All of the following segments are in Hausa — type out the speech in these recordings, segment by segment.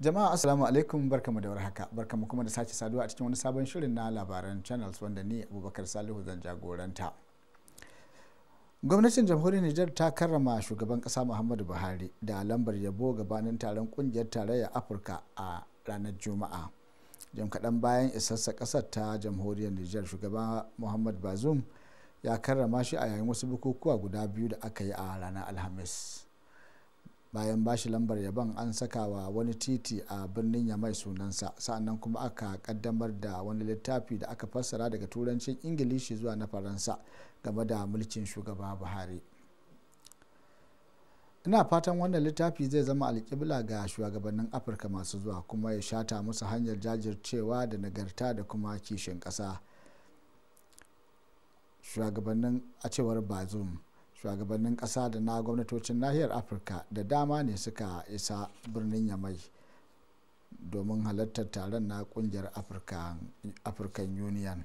jama'a assalamu alaikum barkamu da warhaka barkamu kuma da sace saduwa a cikin wani sabon shirin na labaran channels wanda ni abubakar salihu zan jagoranta gwamnatin jamhuriyar nijar ta karrama shugaban kasa muhammadu buhari da lambar yabo gabanin taron kungiyar tarayyar afirka a ranar juma'a jam kaɗan bayan isassa kasar ta jamhuriyar nijar shugaban muhammad bazum ya karrama shi a yayin wasu bukukuwa guda biyu da aka yi a ranar alhamis bayan bashi lambar yaban an saka wa wani titi a birnin yamai sunansa sa'annan kuma aka kaddamar da wani littafi da aka fassara daga turancin ingilishi zuwa na faransa game da mulkin shugaba buhari ina fatan wannan littafi zai zama alkibla ga shugabannin afirka masu zuwa kuma ya shata musu hanyar jajircewa da nagarta da kuma kishin kasa shugabannin a cewar bazum shugabannin kasa da na gwamnatocin nahiyar afirka da dama ne suka isa birnin yamai domin halartar taron na kungiyar african union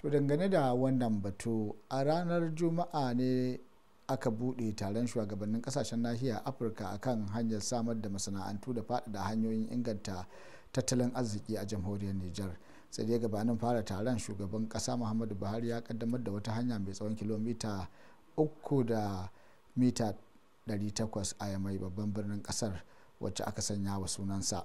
to dangane da wannan batu a ranar juma'a ne aka bude taron shugabannin kasashen nahiyar afirka akan hanyar samar da masana'antu da faɗaɗa hanyoyin inganta tattalin arziki a jamhuriyar niger sai dai gabanin fara taron shugaban kasa muhammadu buhari ya kaddamar da wata hanya mai tsawon kilomita uku da mita 800 a yamai babban birnin kasar wacce aka sanya wa sunansa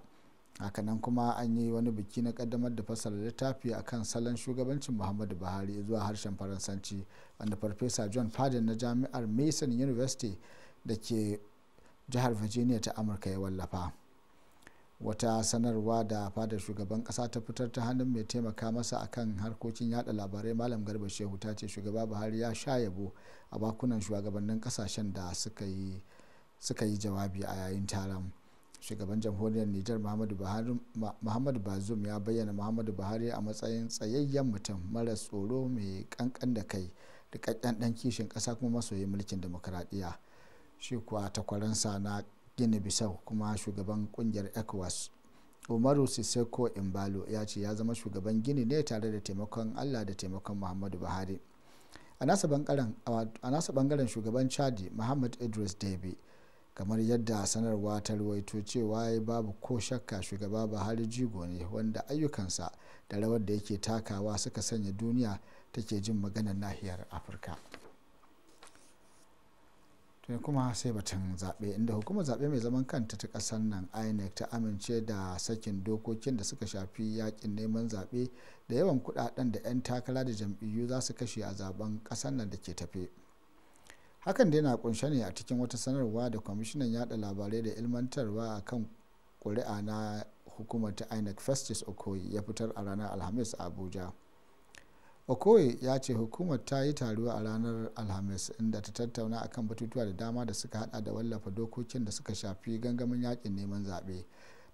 hakanan kuma an yi wani biki na kaddamar da fassara littafi a kan salon shugabancin muhammadu buhari zuwa harshen faransanci wanda farfesa john fadin na jami'ar mason university da ke jihar virginia ta amurka ya wallafa. wata sanarwa da fadar shugaban kasa ta fitar ta hannun mai taimaka masa akan harkokin yada labarai malam garba shehu ta ce shugaba buhari ya sha yabo a bakunan shugabannin kasashen da suka yi jawabi a yayin taron shugaban jamhuriyar nijar muhammadu bazum ya bayyana muhammadu buhari a matsayin tsayayyen mutum mara tsoro mai kankan da kai da dan kishin kasa kuma masoyin mulkin dimokuraɗiyya shi kuwa takwaransa na guinea bisau kuma shugaban kungiyar ecowas umaru sissoko imbalo ya ce ya zama shugaban gini ne tare da taimakon allah da taimakon muhammadu buhari a nasa bangaren shugaban chadi muhammad idris debi kamar yadda sanarwa ta ruwaito cewa ya babu ko shakka shugaba buhari jigo ne wanda ayyukansa da rawar da yake takawa suka sanya duniya take jin maganar nahiyar afirka tun kuma sai batun zaɓe inda hukumar zaɓe mai zaman kanta ta ƙasar nan inec ta amince da sakin dokokin da suka shafi yakin neman zaɓe da yawan kuɗaɗen da 'yan takara da jam'iyyu za su kashe a zaben ƙasar nan da ke tafe hakan dai na kunshe ne a cikin wata sanarwa da kwamishinan yada labarai da ilmantarwa a kan ƙuri'a na hukumar ta inec festus okoye ya fitar a ranar alhamis a abuja okoye ya ce hukumar ta yi taruwa a ranar alhamis inda ta tattauna akan batutuwa da dama da suka hada da wallafa dokokin da suka shafi gangamin yakin neman zaɓe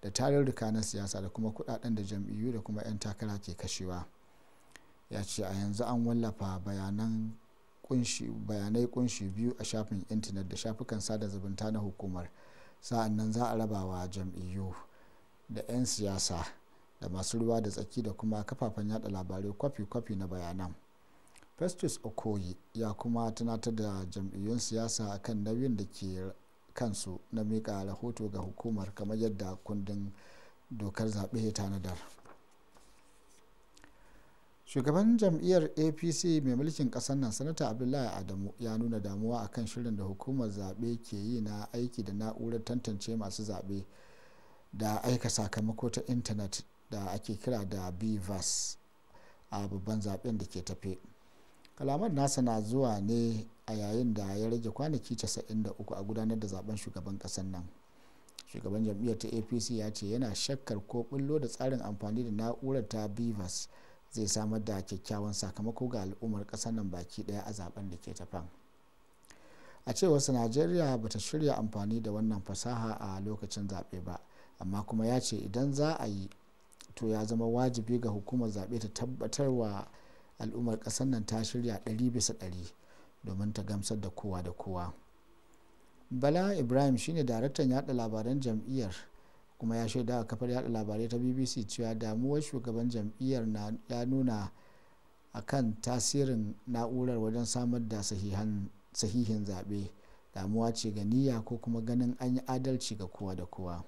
da tarurruka na siyasa da kuma kudaden da jam'iyyu da kuma 'yan takara ke kashewa ya ce a yanzu an wallafa bayanai kunshi biyu a shafin intanet da shafukan sada zumunta na hukumar sa'an nan za a rabawa jam'iyyu da 'yan siyasa da masu ruwa da tsaki da kuma kafafen yada labarai kwafi-kwafi na bayanan festus okoyi ya kuma tunatar da jam'iyyun siyasa kan nauyin da ke kansu na mika rahoto ga hukumar kamar yadda kundin dokar zaɓe ya tanadar shugaban jam'iyyar apc mai mulkin ƙasar nan sanata abdullahi adamu ya nuna damuwa akan shirin da hukumar zaɓe ke yi na aiki da na'urar tantance masu zaɓe da aika sakamako ta intanet da ake kira da bivas a babban zaben da ke tafe kalamar nasa na zuwa ne a yayin da ya rage kwanaki 93 a gudanar da zaben shugaban kasar nan shugaban jam'iyyar ta apc ya ce yana shakkar ko bullo da tsarin amfani da na'urar ta bivas zai samar da kyakkyawan sakamako ga al'ummar kasar nan baki daya a zaben da ke tafan a cewarsa najeriya ta shirya amfani da wannan fasaha a lokacin zaɓe ba amma kuma ya ce idan za a yi to ya zama wajibi ga hukumar zaɓe ta tabbatar wa al'ummar ƙasar nan ta shirya ɗari bisa ɗari domin ta gamsar da kowa da kowa bala ibrahim shine daraktan yada labaran jam'iyyar kuma ya shaida a kafar yada labarai ta bbc cewa damuwar shugaban jam'iyyar na ya nuna akan tasirin na'urar wajen samar da sahihin zaɓe damuwa ce ga niyya ko kuma ganin an yi adalci ga kowa da kowa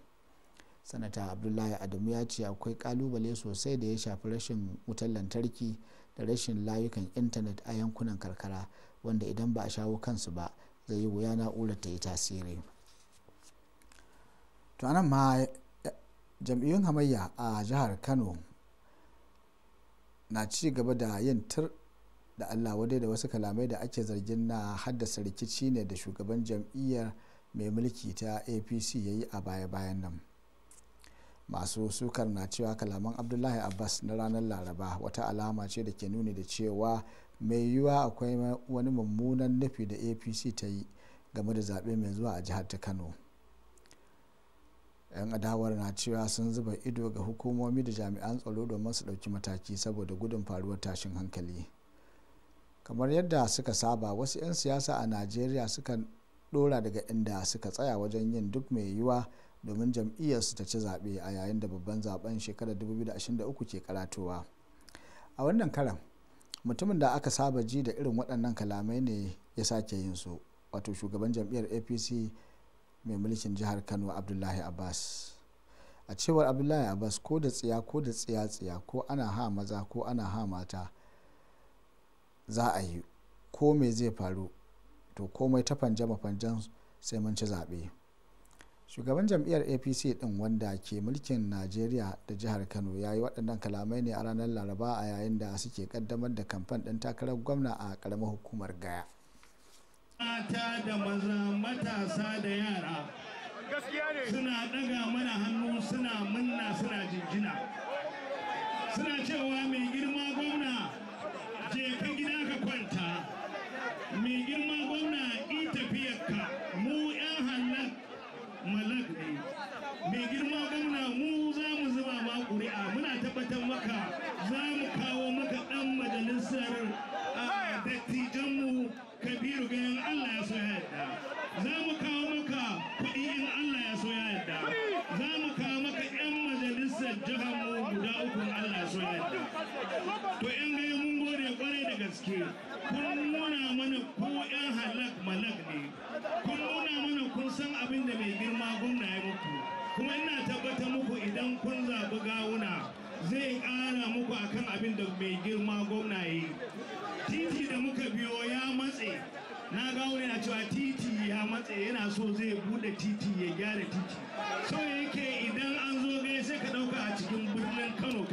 sanata abdullahi adamu ya ce akwai kalubale sosai da ya shafi rashin wutar lantarki da rashin layukan intanet a yankunan karkara wanda idan ba a shawo kansu ba zai yi wuya na'urar ta yi tasiri to ma jam'iyyun hamayya a jihar kano na ci gaba da yin tur da allah wadai da wasu kalamai da ake zargin na haddasa rikici ne da shugaban jam'iyyar mai mulki ta apc ya yi a baya-bayan nan masu sukar na cewa kalaman abdullahi abbas na ranar laraba wata alama ce da ke nuni da cewa mai yiwuwa akwai wani mummunan nufi da apc ta yi game da zaɓe mai zuwa a jihar ta kano 'yan adawar na cewa sun zuba ido ga hukumomi da jami'an tsaro domin su ɗauki mataki saboda gudun faruwar tashin hankali kamar yadda suka saba wasu 'yan siyasa a najeriya suka ɗora daga inda suka tsaya wajen yin duk mai yiwuwa domin jam'iyyarsu ta ci zaɓe a yayin da babban zaben shekarar 2023 ke karatowa a wannan karan mutumin da aka saba ji da irin waɗannan kalamai ne ya sake yin su wato shugaban jam'iyyar apc mai mulkin jihar kano abdullahi abbas a cewar abdullahi abbas ko da tsiya ko da tsiya tsiya ko ana ha maza ko ana ha mata za a yi ko me zai faru to komai ta fanje mafanjan sai mun ci zaɓe shugaban jam'iyyar apc din wanda ke mulkin najeriya da jihar kano ya yi waɗannan kalamai ne a ranar laraba a yayin da suke kaddamar da kamfan ɗin takarar gwamna a ƙaramar hukumar gaya mata da maza matasa da yara suna ɗaga mana hannu suna munna suna jinjina suna cewa mai girma gwamna je ka gida ka kwanta mai girma gwamna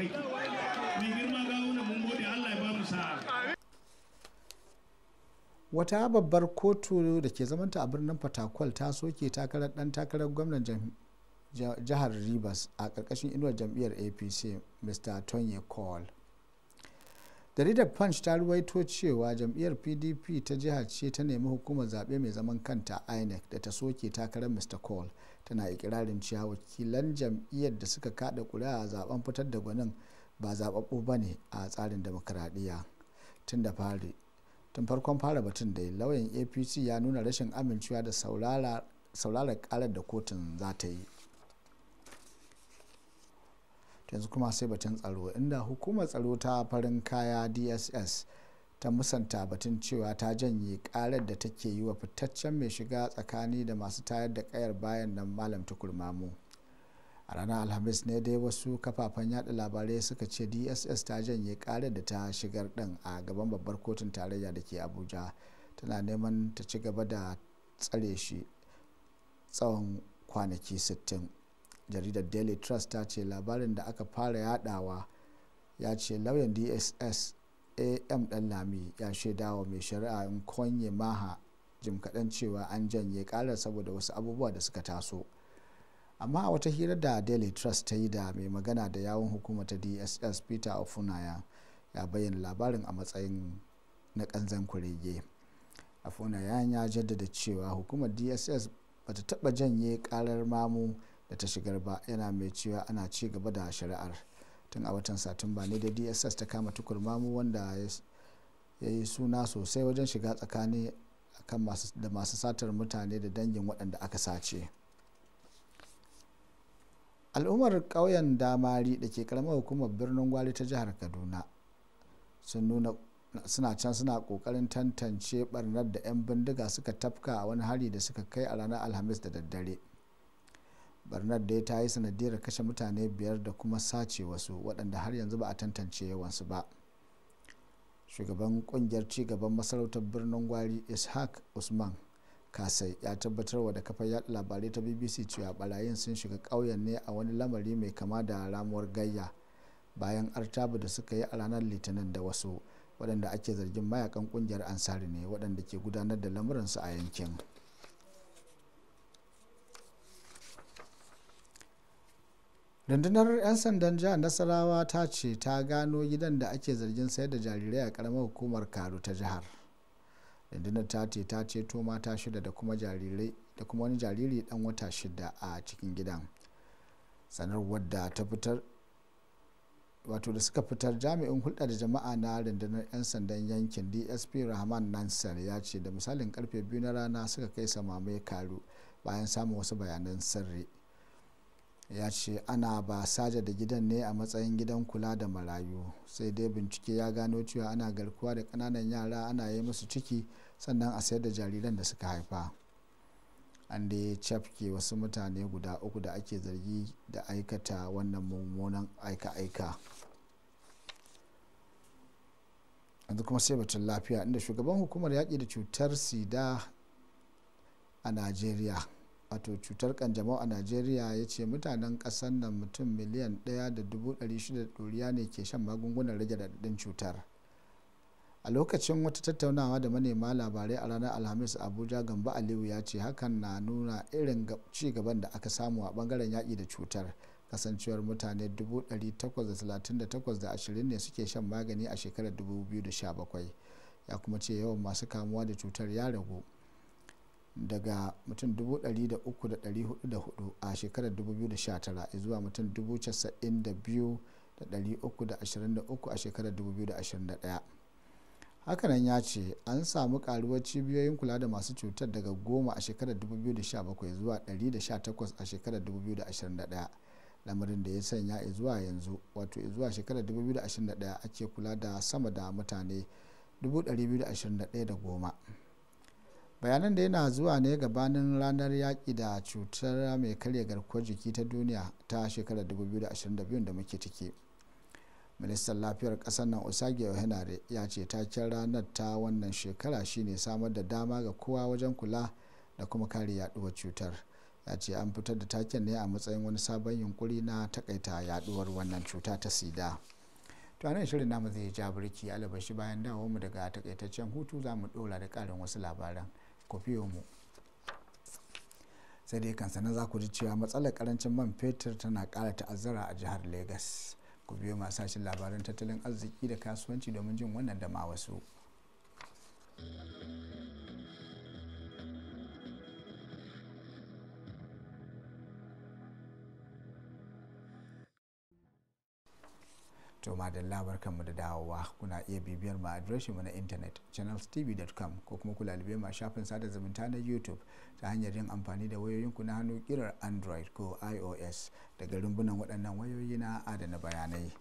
kai wata babbar kotu da ke zamanta a birnin fatakwal ta soke takarar dan takarar gwamnan jihar rivers a ƙarƙashin inuwar jam'iyyar apc mr tony cole jaridar punch ta ruwaito cewa jam'iyyar pdp ta jihar ce ta nemi hukumar zaɓe mai zaman kanta inec da ta soke takarar mr cole tana ikirarin cewa wakilan jam'iyyar da suka kada kuri'a zaben fitar da gwanin ba zaɓaɓɓu ba ne a tsarin demokuraɗiyya tun da fari tun farkon fara batun dai lauyan apc ya nuna rashin amincewa da saurara karar da kotun za ta yi yanzu kuma sai batun tsaro inda hukumar tsaro ta farin kaya dss ta musanta batun cewa ta janye karar da take yi wa fitaccen mai shiga tsakani da masu tayar da kayar bayan nan malam tukurmamu a ranar alhamis ne dai wasu kafafen yada labarai suka ce dss ta janye karar da ta shigar din a gaban babbar kotun tarayya da ke abuja tana neman ta ci gaba da tsare shi tsawon kwanaki 60 jaridar daily trust ta ce labarin da aka fara yadawa ya ce lauyan dss am dan lami ya shaidawa mai shari'a in konye maha jim kaɗan cewa an janye ƙarar saboda wasu abubuwa da suka taso amma a wata hira da daily trust ta yi da mai magana da yawon hukumar ta dss peter ofunaya ya bayyana labarin a matsayin na kanzan kurege ofunaya ya jaddada cewa hukumar dss bata taɓa janye ƙarar mamu da ta shigar ba yana mai cewa ana ci gaba da shari'ar tun a watan satumba ne da dss ta kama tukurmamu wanda ya yi suna sosai wajen shiga tsakani da masu satar mutane da dangin waɗanda aka sace al'ummar ƙauyen damari da ke karamar hukumar birnin gwari ta jihar kaduna sun nuna suna can suna ƙoƙarin tantance barnar da 'yan bindiga suka tafka a wani hari da suka kai a ranar alhamis da daddare barnar da ta yi sanadiyar kashe mutane biyar da kuma sace wasu waɗanda har yanzu ba a tantance yawansu ba shugaban kungiyar cigaban masarautar birnin gwari ishaq usman kasai ya tabbatar wa da kafar yada labarai ta bbc cewa barayin sun shiga ƙauyen ne a wani lamari mai kama da ramuwar gayya bayan artabu da suka yi a ranar litinin da wasu waɗanda ake zargin mayakan kungiyar ansari ne waɗanda ke gudanar da lamuransu a yankin. rundunar 'yan sandan jihar nasarawa ta ce ta gano gidan da ake zargin sayar da jarirai a karamar hukumar karu ta jihar rundunar ta ce ta ceto mata shida da kuma jarirai da kuma wani jariri dan wata shida a cikin gidan sanarwar da ta fitar wato da suka fitar jami'in hulɗa da jama'a na rundunar 'yan sandan yankin dsp rahman nansar ya ce da misalin karfe biyu na rana suka kai samamai karu bayan samun wasu bayanan sirri ya ce ana ba saja da gidan ne a matsayin gidan kula da marayu sai dai bincike ya gano cewa ana garkuwa da kananan yara ana yi musu ciki sannan a sayar da jariran da suka haifa an da ya cafke wasu mutane guda uku da ake zargi da aikata wannan mummunan aika-aika yanzu kuma sai batun lafiya inda shugaban hukumar yaƙi da cutar sida a najeriya wato cutar kanjamau a najeriya ya ce mutanen kasar nan mutum miliyan 1,600 ɗoriya ne ke shan magungunan rage raɗaɗin cutar a lokacin wata tattaunawa da manema labarai a ranar alhamis abuja gamba aliyu ya ce hakan na nuna irin ci gaban da aka samu a bangaren yaƙi da cutar kasancewar mutane 838,020 ne suke shan magani a shekarar 2017 ya kuma ce yawan masu kamuwa da cutar ya ragu daga mutum 300,400 a shekarar 2019 zuwa mutum 92,323 a shekarar 2021 hakanan ya ce an samu karuwar cibiyoyin kula da masu cutar daga goma a shekarar 2017 zuwa 118 a shekarar 2021 lamarin da ya sanya zuwa yanzu wato zuwa shekarar 2021 ake kula da sama da mutane 221,000 bayanan da yana zuwa ne gabanin ranar yaƙi da cutar mai karya garkuwar jiki ta duniya ta shekarar 2022 da muke ciki ministan lafiyar ƙasar nan osage henare ya ce taken ranar ta wannan shekara shine samar da dama ga kowa wajen kula da kuma kare yaduwar cutar ya ce an fitar da taken ne a matsayin wani sabon yunkuri na takaita yaduwar wannan cuta ta sida to anan shirin namu zai ja birki alabashi bayan dawo mu daga takaitaccen hutu za mu dora da karin wasu labaran mu sai dai kan sanar za ku ji cewa matsalar karancin man fetur tana kara ta'azzara a jihar lagos ku biyo masu sashen labaran tattalin arziki da kasuwanci domin jin wannan da ma wasu. to madalla mu da dawowa kuna iya bibiyar mu adireshin mu na intanet channelstv.com ko kuma ku lalube ma shafin sada zumunta na youtube ta hanyar yin amfani da wayoyin ku na hannu kirar android ko ios daga rumbunan waɗannan wayoyi na adana bayanai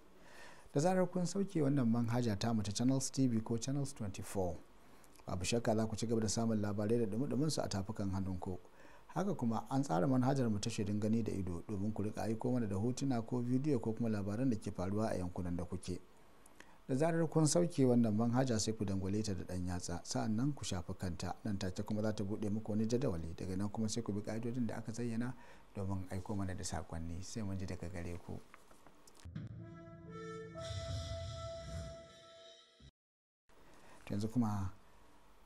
da zarar kun sauke wannan manhaja ta mu ta channels tv ko channels 24 babu shakka za ku ci gaba da samun labarai da dumi su a tafukan hannun ku haka kuma an tsara manhajar mu ta shirin gani da ido domin ku rika aiko mana da hotuna ko bidiyo ko kuma labaran da ke faruwa a yankunan da kuke da zarar kun sauke wannan manhaja sai ku dangwale ta da dan yatsa sa'an nan ku shafi kanta nan take kuma za ta bude muku wani jadawali daga nan kuma sai ku bi ka'idodin da aka zayyana domin aiko mana da sakonni sai mun ji daga gare ku yanzu kuma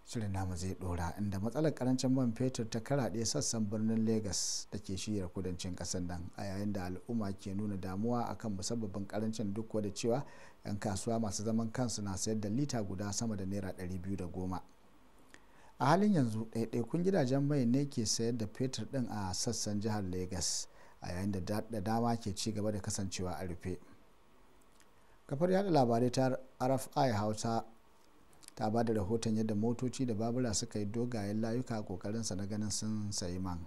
shirin namu zai dora inda matsalar karancin man fetur ta karaɗe sassan birnin legas da ke shiryar kudancin ƙasar nan a yayin da al'umma ke nuna damuwa akan musabbabin karancin duk da cewa 'yan kasuwa masu zaman kansu na sayar da lita guda sama da naira biyu da goma. a halin yanzu ɗaiɗaikun gidajen mai ne ke sayar da fetur ɗin a sassan jihar legas a yayin da dama ke ci gaba da kasancewa a rufe kafar yada labarai ta rfi hausa ta ba da rahoton yadda motoci da babura suka yi dogayen layuka a kokarinsa na ganin sun sayi man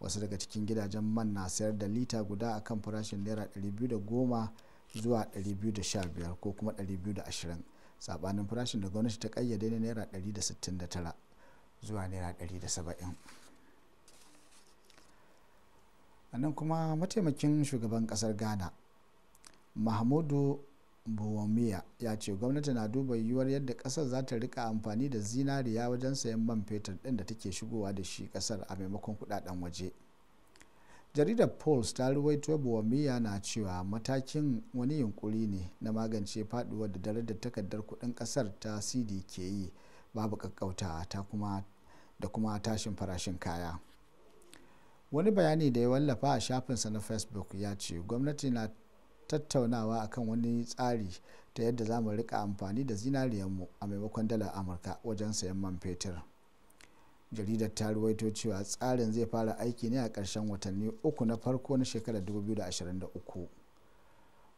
wasu daga cikin gidajen man na sayar da lita guda a kan farashin naira 210 zuwa 215 ko kuma 220 sabanin farashin da gwamnati ta kayyade na naira 169 zuwa naira 170 a nan kuma mataimakin shugaban kasar ghana mahmudu Bowamia ya ce gwamnati na duba yiwuwar yadda kasar za ta rika amfani da zinariya wajen sayan man fetur din da take shigowa da shi kasar a maimakon kudaden waje jaridar pulse ta ruwaito Bowamia na cewa matakin wani yunkuri ne na magance faduwar da da takardar kudin kasar ta cd ke yi babu kuma da kuma tashin farashin kaya wani bayani da ya wallafa a shafinsa na facebook ya ce gwamnati na tattaunawa akan wani tsari ta yadda za mu rika amfani da zinariyar mu a maimakon dalar amurka wajen sayan man fetur jaridar ta ruwaito cewa tsarin zai fara aiki ne a ƙarshen watanni uku na farko na shekarar 2023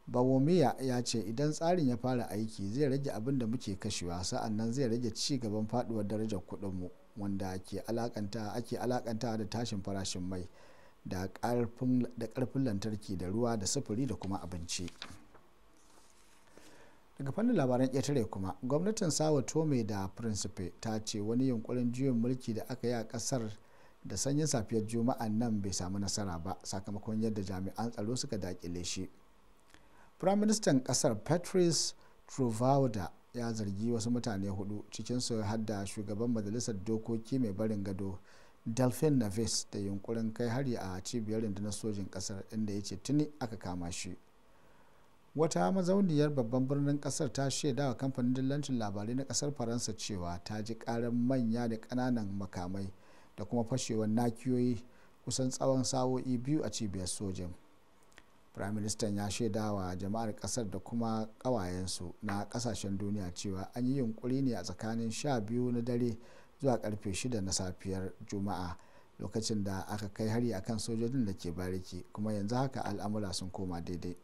bawomiya ya ce idan tsarin ya fara aiki zai rage abin da muke kashewa sa'annan zai rage ci gaban faduwar darajar mu wanda ake alakanta da tashin farashin mai da karfin lantarki da ruwa da sufuri da kuma abinci daga fannin labaran ƙetare kuma gwamnatin sawa tome da principe ta ce wani yunkurin juyin mulki da aka yi a ƙasar da sanyin safiyar juma'a nan bai samu nasara ba sakamakon yadda jami'an tsaro suka dakile shi firaministan ƙasar patrice truvauda ya zargi wasu mutane hudu cikinsu har da shugaban majalisar dokoki mai barin gado na navis da yunkurin kai hari a cibiyar rundunar sojin kasar inda ya ce tuni aka kama shi wata mazauniyar babban birnin kasar ta shaida wa kamfanin dillancin labarai na kasar faransa cewa ta ji karar manya da kananan makamai da kuma fashewar nakiyoyi kusan tsawon sa'o'i biyu a cibiyar sojin firaministan ya shaida wa jama'ar kasar da kuma kawayensu na kasashen duniya cewa an yi yunkuri ne a tsakanin sha biyu na dare zuwa karfe 6 na safiyar juma'a lokacin da aka kai hari akan sojojin da ke bariki kuma yanzu haka al'amura sun koma daidai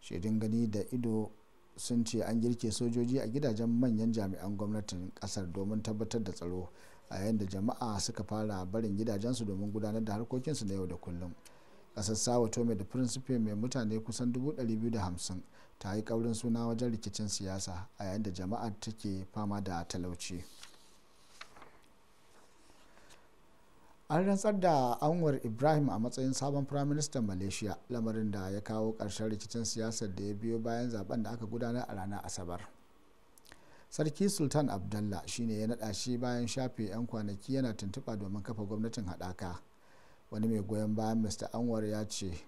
shaidun gani da ido sun ce an girke sojoji a gidajen manyan jami'an gwamnatin kasar domin tabbatar da tsaro a yayin da jama'a suka fara barin gidajensu domin gudanar da harkokinsu na yau da kullum kasar sawa tome da principe mai mutane kusan 250 ta yi kaurin suna wajen rikicin siyasa a yayin da jama'a take fama da talauci. an rantsar da anwar ibrahim a matsayin sabon prime minister malaysia lamarin da ya kawo karshen rikicin siyasar da ya biyo bayan zaben da aka gudanar a ranar asabar sarki sultan abdallah shine ya naɗa shi bayan shafe 'yan kwanaki yana tuntuɓa domin kafa gwamnatin haɗaka wani mai goyon bayan mr anwar ya ce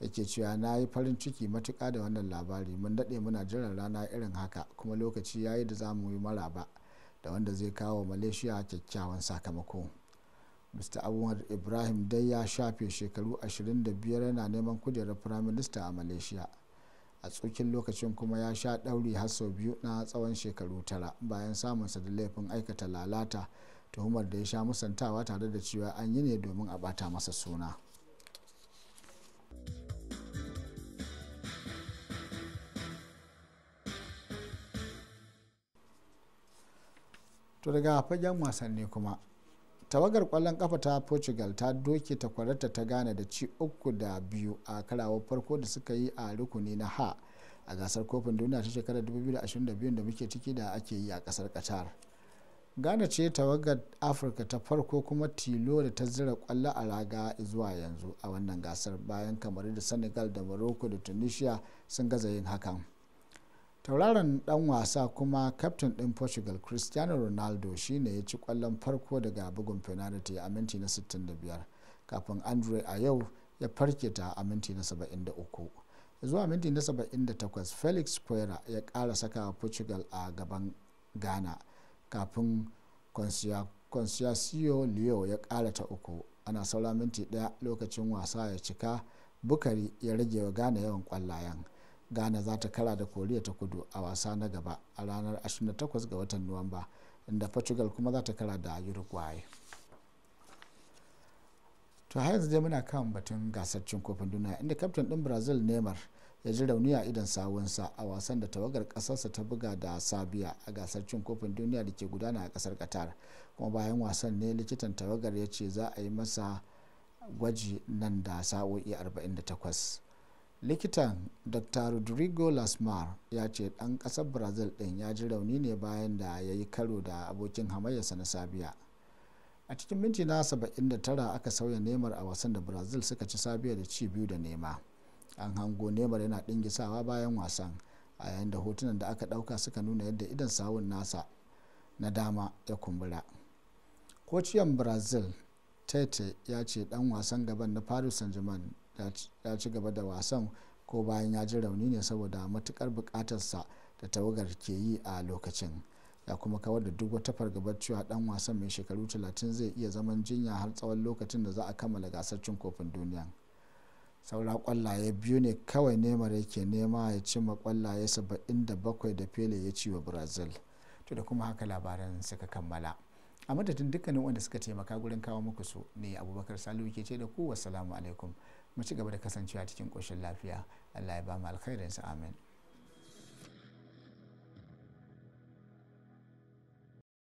yake cewa na yi farin ciki matuka da wannan labari mun daɗe muna jiran rana irin haka kuma lokaci ya yi da za mu yi maraba da wanda zai kawo malaysia kyakkyawan sakamako mr anwar ibrahim dai ya shafe shekaru 25 yana neman kujerar firaminista a malaysia a tsokin lokacin kuma ya sha ɗauri har sau biyu na tsawon shekaru tara bayan samunsa da laifin aikata lalata tuhumar da ya sha musantawa tare da cewa an yi ne domin a bata masa suna to daga fagen wasanni kuma tawagar kwallon kafa ta portugal ta doke takwararta ta gane da ci uku da biyu a karawar farko da suka yi a rukuni na ha a gasar kofin duniya ta shekarar 2022 da muke ciki da ake yi a kasar qatar ghana ce tawagar afirka ta farko kuma tilo da ta zira kwallo a raga zuwa yanzu a wannan gasar bayan kamar da senegal da morocco da tunisia sun gaza yin hakan tauraron dan wasa kuma kaftin din portugal cristiano ronaldo shine ya ci kwallon farko daga bugun penalty a minti na 65 kafin andre a yau ya farke ta a minti na 73 zuwa minti na 78 felix Pereira ya kara saka portugal a gaban ghana kafin consiasio leo ya kara ta uku ana saura minti daya lokacin wasa ya cika bukari ya rage wa ghana yawan kwallayen ghana za ta kara da koriya ta kudu a wasa na gaba a ranar 28 ga watan nuwamba inda portugal kuma za ta kara da uruguay to har yanzu muna kan batun gasar cin kofin duniya inda kaftin din brazil neymar ya ji rauni a idan sawunsa a wasan da tawagar kasarsa ta buga da sabiya a gasar cin kofin duniya da ke gudana a kasar qatar kuma bayan wasan ne likitan tawagar ya ce za a yi masa gwaji nan da sa'o'i 48 likitan dr rodrigo lasmar ya ce dan kasar brazil din ya ji rauni ne bayan da ya yi karo da abokin hamayyarsa na sabiya a cikin minti na 79 aka sauya nemar a wasan da brazil suka ci sabiya da ci biyu da nema an hango nemar yana sawa bayan wasan a yayin da hotunan da aka dauka suka nuna yadda idan sawun nasa na dama ya kumbura kociyan brazil tete ya ce dan wasan gaban na paris saint-germain ya ci gaba da wasan ko bayan ya ji rauni ne saboda matukar bukatarsa da tawagar ke yi a lokacin ya kuma kawar da duk wata fargabar cewa dan wasan mai shekaru 30 zai iya zaman jinya har tsawon lokacin da za a kammala gasar cin kofin duniya saura kwallaye biyu ne kawai neymar yake nema ya cimma kwallaye 77 da pele ya ci wa brazil to da kuma haka labaran suka kammala a madadin dukkanin wanda suka taimaka gurin kawo muku su ne abubakar salihu ke ce da ku wassalamu alaikum mu ci gaba da kasancewa cikin ƙoshin lafiya allah ya ba mu alkhairinsa amin